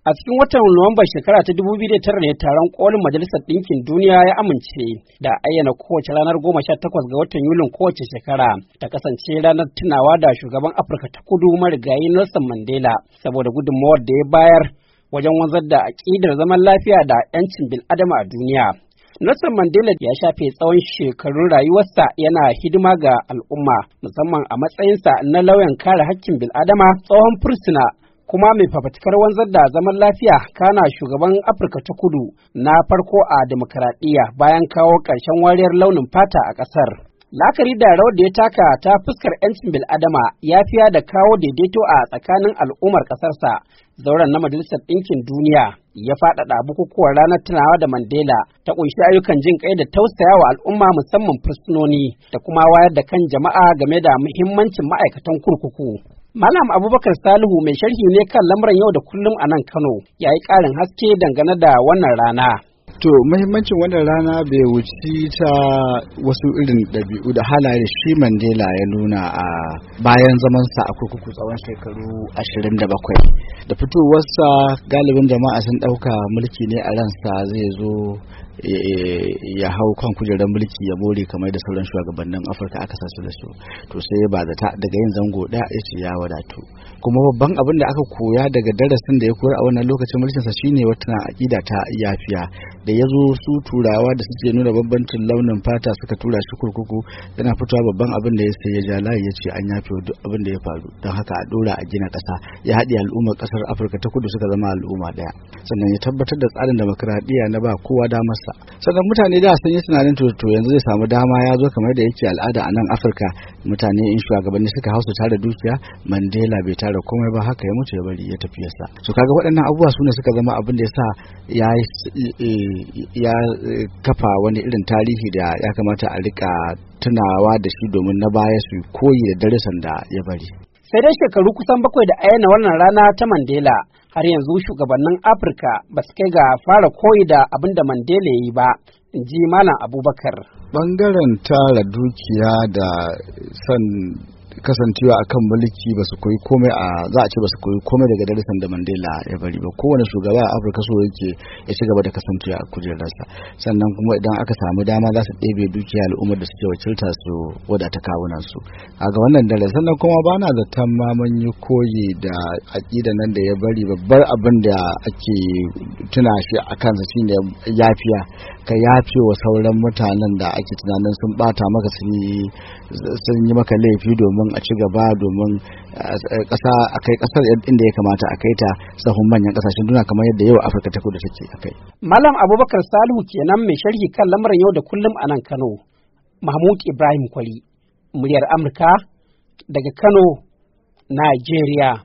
A cikin watan Nuwamba shekara ta tara ne taron kolin Majalisar Ɗinkin Duniya ya amince da ayyana kowace ranar goma sha 18 ga watan Yulin kowace shekara ta kasance ranar tunawa da shugaban Afirka ta kudu marigayi Nelson Mandela saboda gudunmawar da ya bayar wajen wanzar da aƙidar zaman lafiya da 'yancin bil'adama a duniya. Nelson Mandela ya shafe tsawon shekarun rayuwarsa yana hidima ga al'umma musamman a matsayinsa na lauyan kare haƙƙin bil'adama tsohon fursuna kuma mai fafatikar wanzar da zaman lafiya kana shugaban afirka ta kudu na farko a demokaradiyya bayan kawo ƙarshen wariyar launin fata a ƙasar Lakari da rawar da ya taka ta fuskar 'yancin bil'adama ya fiya da kawo daidaito a tsakanin al'ummar ƙasarsa zauren na Majalisar Ɗinkin Duniya ya faɗaɗa bukukuwan ranar tunawa da Mandela ta ƙunshi ayyukan jin ƙai da tausaya wa al'umma musamman fursunoni da kuma wayar da kan jama'a game da muhimmancin ma'aikatan kurkuku. Malam Abubakar Salihu mai sharhi ne kan lamuran yau da kullum a nan Kano ya yi ƙarin haske dangane da wannan rana. To muhimmancin wannan rana bai wuci ta wasu irin ɗabi'u da halaye shi Mandela ya nuna a bayan zamansa a kurkuku tsawon shekaru ashirin da bakwai. Da fitowarsa galibin jama'a sun ɗauka mulki ne a ransa zai zo ya hau kan kujerar mulki ya more kamar da sauran shugabannin afirka aka sasu da su to sai ba zata daga yin zango daya ya ce ya wadatu kuma babban abin da aka koya daga darasin da ya koya a wannan lokacin mulkin sa shine wata akida ta yafiya da ya zo su turawa da suke nuna bambancin launin fata suka tura shi kurkuku yana fitowa babban abin da ya sai ya ja layi ya ce an yafe duk abin da ya faru don haka a dora a gina kasa ya haɗe al'ummar kasar afirka ta kudu suka zama al'umma daya sannan ya tabbatar da tsarin demokradiyya na ba kowa da damar sa sannan mutane da sun yi tunanin to yanzu zai samu dama ya zo kamar da yake al'ada a nan afirka mutane in shugabanni suka hausa tara dukiya mandela bai tara komai ba haka ya mutu ya bari ya tafi yasa to kaga waɗannan abubuwa su ne suka zama abin da yasa sa ya e, kafa wani irin tarihi da ya kamata a rika tunawa da shi domin na baya su koyi da darasin da ya bari sai dai shekaru kusan bakwai da ayyana wannan rana ta mandela har yanzu shugabannin afirka ba su kai ga fara koyi da abin da mandela ya yi ba in ji malam abubakar bangaren tara dukiya da son kasancewa a kan mulki ba su koyi komai a za a ce ba su koyi komai daga darasin da mandela ya bari ba kowane shugaba a afirka so yake ya ci gaba da kasancewa a kujerarsa sannan kuma idan aka samu dama za su ɗebe dukiya al'ummar da suke wakilta su wadata kawunan su a ga wannan dare sannan kuma ba na zaton ma yi koyi da aƙida nan da ya bari babbar abin da ake tuna shi a kansa shine yafiya ka yafe wa sauran mutanen da ake tunanin sun bata maka sun yi maka laifi domin a ci gaba domin kasa eh, a kai kasar inda ya kamata a kai ta sahun manyan kasashen duniya kamar yadda yau afirka ta kudu take a kai malam abubakar salihu kenan mai sharhi kan lamarin yau da kullum a nan kano mahmud ibrahim kwari muryar amurka daga kano nigeria